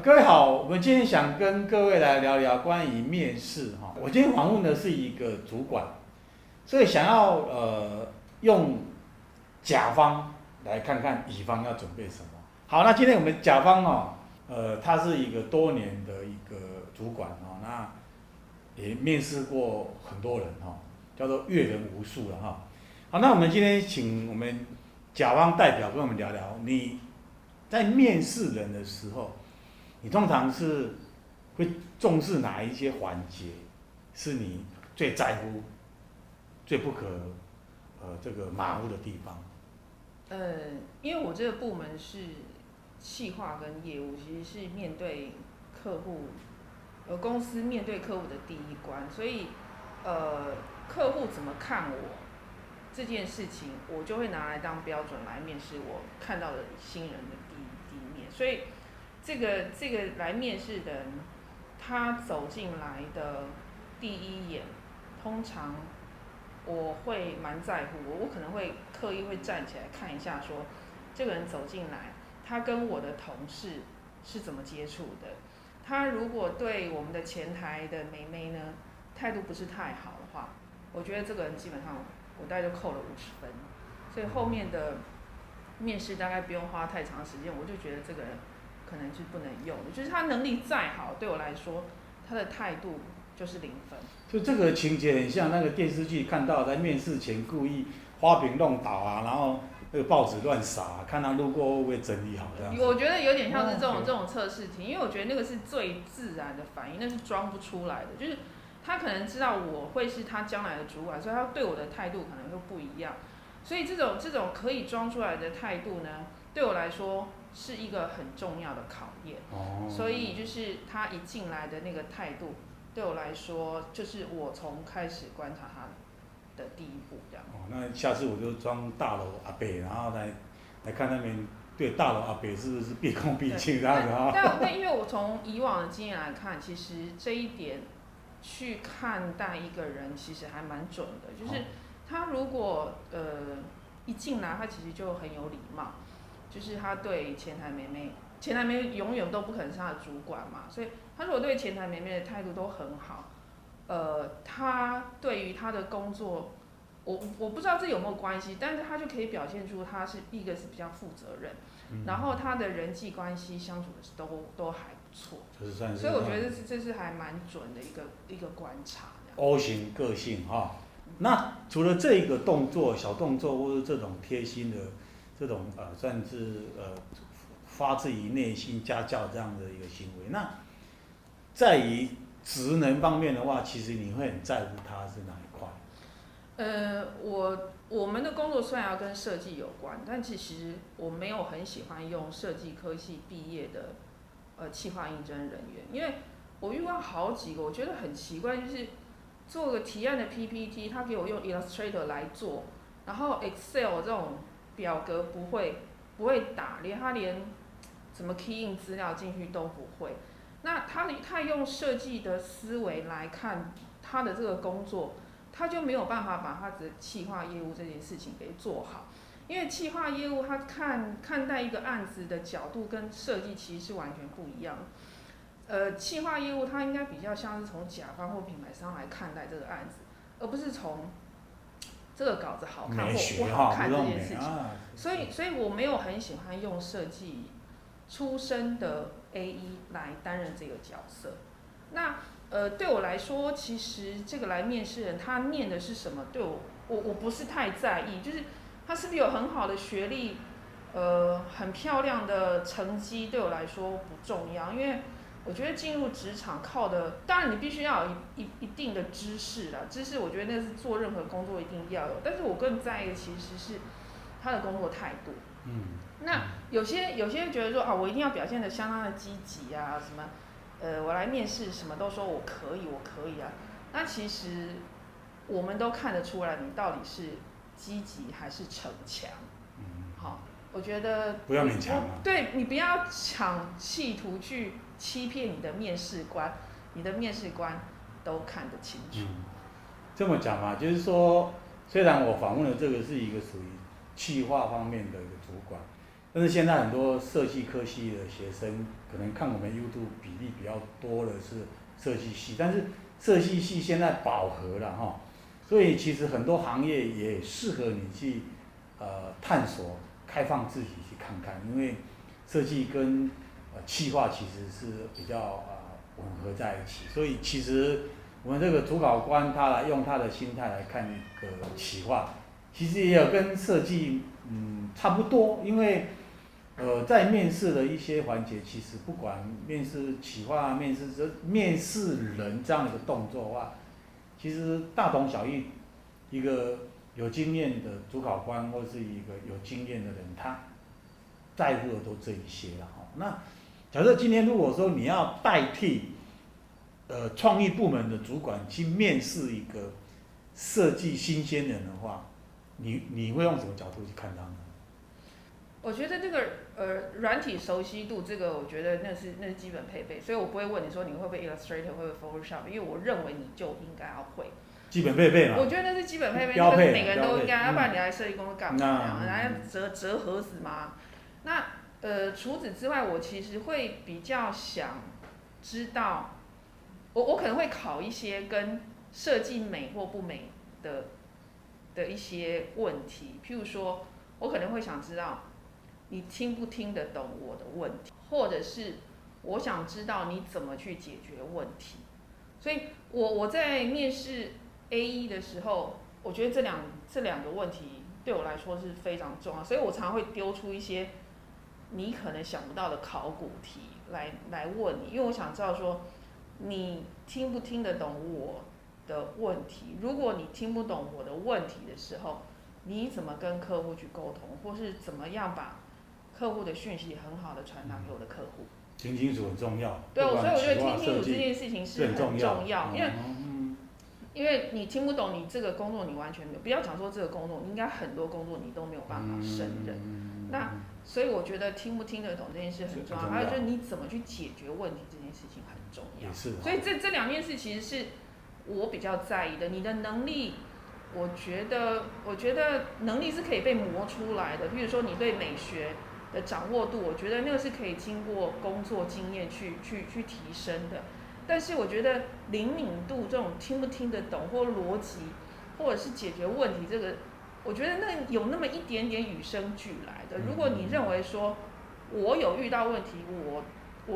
各位好，我們今天想跟各位來聊聊關於面試哈。我今天訪問的是一個主管，所以想要呃用甲方來看看乙方要準備什麼。好，那今天我們甲方哦，呃，他是一個多年的一個主管哦，那也面試過很多人哈，叫做閱人無數了哈。好，那我們今天請我們甲方代表跟我們聊聊，你在面試人的時候。你通常是會重視哪一些環節？是你最在乎、最不可呃這個馬虎的地方？呃、嗯，因為我這個部門是企劃跟業務，其實是面對客戶，呃，公司面對客戶的第一關，所以呃，客戶怎麼看我這件事情，我就會拿來當標準來面試我看到的新人的第一面，所以。這個這個來面試的人，他走進來的第一眼，通常我會蠻在乎我，我可能會刻意會站起來看一下說，說這個人走進來，他跟我的同事是怎麼接觸的？他如果對我們的前台的妹妹呢態度不是太好的話，我覺得這個人基本上我大概就扣了五十分，所以後面的面試大概不用花太長時間，我就覺得這個人。可能是不能用的，就是他能力再好，對我來說，他的態度就是零分。就這個情節很像那個電視劇看到，在面試前故意花瓶弄倒啊，然後那個報紙亂撒，看他路過會不會整理好。這樣，我覺得有點像是這種、哦、這種測試題，因為我覺得那個是最自然的反應，那是裝不出來的。就是他可能知道我會是他將來的主管，所以他對我的態度可能就不一樣。所以這種這種可以裝出來的態度呢，對我來說，是一個很重要的考驗，哦、所以就是他一進來的那個態度，對我來說，就是我從開始觀察他的第一步，這樣。哦，那下次我就裝大樓阿北，然後來來看那邊，對，大樓阿北是不是畢恭畢敬的樣子？但但因為我從以往的經驗來看， 其實這一點，去看待一個人，其實還蠻準的，就是他如果、哦、呃一進來，他其實就很有禮貌。就是他對前台妹妹，前台妹妹永遠都不可能是他的主管嘛，所以他如果對前台妹妹的態度都很好，呃，他對於他的工作，我我不知道這有沒有關係，但是他就可以表現出他是一個是比較負責任，嗯、然後他的人際關係相處的都都還不錯，是算是算，所以我覺得這是，這是還蠻準的一個一個觀察。O 型個性哈、哦，那除了這個動作、小動作或者這種貼心的。這種呃，算是呃發自於內心家教，這樣的一個行為。那在於職能方面的話，其實你會很在乎他是哪一塊？呃，我我們的工作雖然要跟設計有關，但其實我沒有很喜歡用設計科系畢業的呃企劃應徵人員，因為我遇到好幾個，我覺得很奇怪，就是做個提案的 PPT，他給我用 Illustrator 來做，然後 Excel 這種。表格不會，不會打，連他連怎麼 key in 資料進去都不會。那他他用設計的思維來看他的這個工作，他就沒有辦法把他的企劃業務這件事情給做好。因為企劃業務他看看待一個案子的角度跟設計其實是完全不一樣。呃，企劃業務它應該比較像是從甲方或品牌商來看待這個案子，而不是從。這個稿子好看或不好看這件事情，所以，所以我沒有很喜歡用設計出身的 AE 來擔任這個角色。那呃，對我來說，其實這個來面試人他念的是什麼，對我，我我不是太在意，就是他是不是有很好的學歷，呃，很漂亮的成績，對我來說不重要，因為。我覺得進入職場靠的，當然你必須要有一一,一,一定的知識啦。知識，我覺得那是做任何工作一定要有。但是我更在意的其實是他的工作態度。嗯，那有些有些人覺得說啊，我一定要表現得相當的積極啊，什麼，呃，我來面試什麼都說我可以，我可以啊。那其實我們都看得出來，你到底是積極還是逞強。我覺得不要勉強。對，你不要搶，企圖去欺騙你的面試官，你的面試官都看得清楚。嗯。這麼講嘛，就是說，雖然我訪問的這個是一個屬於企劃方面的一個主管，但是現在很多設計科系的學生，可能看我們 YouTube 比例，比較多的是設計系，但是設計系現在飽和了哈，所以其實很多行業也適合你去呃探索。開放自己去看看，因為設計跟呃企劃其實是比較啊吻合在一起，所以其實我們這個主考官他來用他的心態來看那個企劃，其實也有跟設計嗯差不多，因為呃在面試的一些環節，其實不管面試企劃、面試這面試人這樣的一個動作的話，其實大同小異一個。有經驗的主考官或是一個有經驗的人，他在乎的都這一些了哈。那假設今天如果說你要代替呃創意部門的主管去面試一個設計新鮮人的話，你你會用什麼角度去看他呢？我覺得這個呃軟體熟悉度，這個我覺得那是那是基本配備，所以我不會問你說你會不會 Illustrator 會不會 Photoshop，因為我認為你就應該要會。基本配備嘛，我覺得那是基本配備，配是每個人都應該，嗯、要不然你來設計公司幹嘛？然後折折盒子嗎？那呃，除此之外，我其實會比較想知道，我我可能會考一些跟設計美或不美的的一些問題。譬如說，我可能會想知道你聽不聽得懂我的問題，或者是我想知道你怎麼去解決問題。所以我，我我在面試。AE 的時候，我覺得這兩這兩個問題對我來說是非常重要，所以我常常會丟出一些你可能想不到的考古題來來問你，因為我想知道說你聽不聽得懂我的問題。如果你聽不懂我的問題的時候，你怎麼跟客戶去溝通，或是怎麼樣把客戶的訊息很好的傳達給我的客戶？聽清楚很重要。對，所以我覺得聽，聽清楚這件事情是很重要，因為、嗯。因為你聽不懂，你這個工作你完全沒有。不要講說這個工作，應該很多工作你都沒有辦法勝任。嗯、那所以我覺得聽不聽得懂這件事很重要，還有就是你怎麼去解決問題這件事情很重要。所以這這，這，這，這兩件事其實是我比較在意的。你的能力，我覺得，我覺得能力是可以被磨出來的。譬如說你對美學的掌握度，我覺得那個是可以經過工作經驗去去去提升的。但是我覺得靈敏度這種聽不聽得懂，或邏輯，或者是解決問題這個，我覺得那有那麼一點點與生俱來的。如果你認為說，我有遇到問題我，我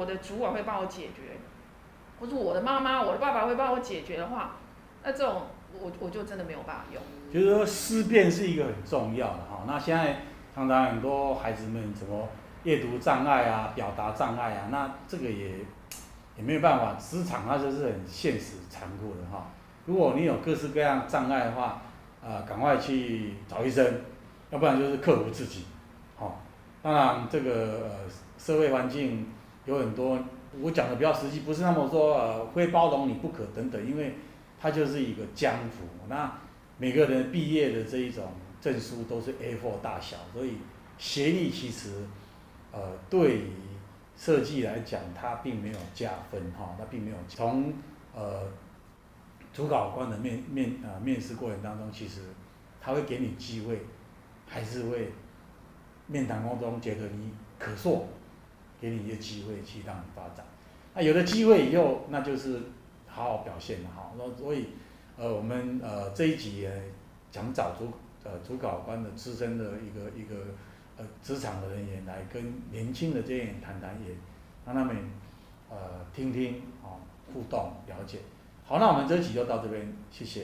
我的主管會幫我解決，或是我的媽媽、我的爸爸會幫我解決的話，那這種我我就真的沒有辦法用。覺得說思辨是一個很重要的哈。那現在常常很多孩子們什麼閱讀障礙啊、表達障礙啊，那這個也。也沒有辦法，職場它就是很現實殘酷的哈。如果你有各式各樣障礙的話，啊、呃，趕快去找醫生，要不然就是克服自己。好、哦，當然這個呃社會環境有很多，我講的比較實際，不是那麼說呃非包容你不可等等，因為它就是一個江湖。那每個人畢業的這一種證書都是 A4 大小，所以學歷其實呃對。設計來講，他並沒有加分哈，他並沒有從呃主考官的面面啊、呃、面試過程當中，其實他會給你機會，還是會面談過程中覺得你可塑，給你一個機會去讓你發展。那有了機會以後，那就是好好表現了哈。那所以呃我們呃這一集也想找主呃主考官的資深的一個一個。呃，職場的人員來跟年輕的這些人談談，也讓他們呃聽聽哦、喔，互動了解。好，那我們這期就到這邊，謝謝。